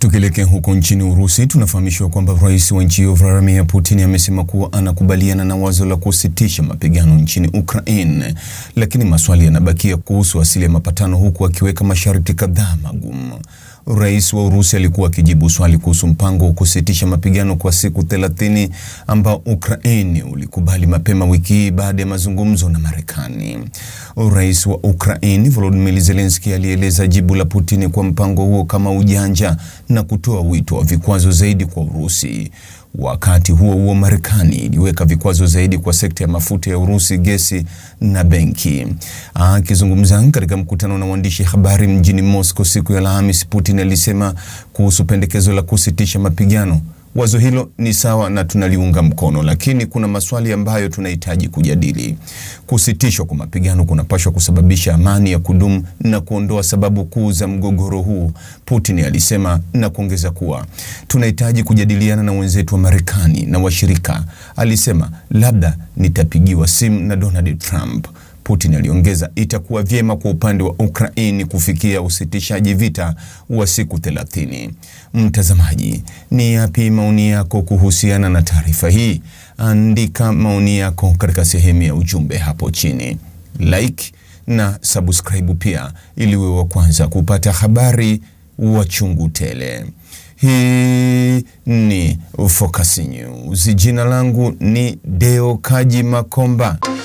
Tukielekea huko nchini Urusi, tunafahamishwa kwamba rais wa nchi hiyo Vladimir Putin amesema kuwa anakubaliana na wazo la kusitisha mapigano nchini Ukraine, lakini maswali yanabakia kuhusu asili ya mapatano, huku akiweka masharti kadhaa magumu. Rais wa Urusi alikuwa akijibu swali kuhusu mpango wa kusitisha mapigano kwa siku 30 ambao Ukraine ulikubali mapema wiki hii baada ya mazungumzo na Marekani. Rais wa Ukraine Volodymyr Zelensky alieleza jibu la Putin kwa mpango huo kama ujanja na kutoa wito wa vikwazo zaidi kwa Urusi. Wakati huo huo, Marekani iliweka vikwazo zaidi kwa sekta ya mafuta ya Urusi, gesi na benki. Akizungumza katika mkutano na waandishi habari mjini Moscow siku ya Alhamisi, Putin alisema kuhusu pendekezo la kusitisha mapigano Wazo hilo ni sawa na tunaliunga mkono, lakini kuna maswali ambayo tunahitaji kujadili. Kusitishwa kwa mapigano kunapaswa kusababisha amani ya kudumu na kuondoa sababu kuu za mgogoro huu, Putin alisema na kuongeza kuwa tunahitaji kujadiliana na wenzetu wa Marekani na washirika. Alisema labda nitapigiwa simu na Donald Trump. Putin aliongeza, itakuwa vyema kwa upande wa Ukraine kufikia usitishaji vita wa siku 30. Mtazamaji, ni yapi maoni yako kuhusiana na taarifa hii? Andika maoni yako katika sehemu ya ujumbe hapo chini. Like na subscribe pia ili uwe wa kwanza kupata habari wa chungu tele. Hii ni Focus News. Jina langu ni Deo Kaji Makomba.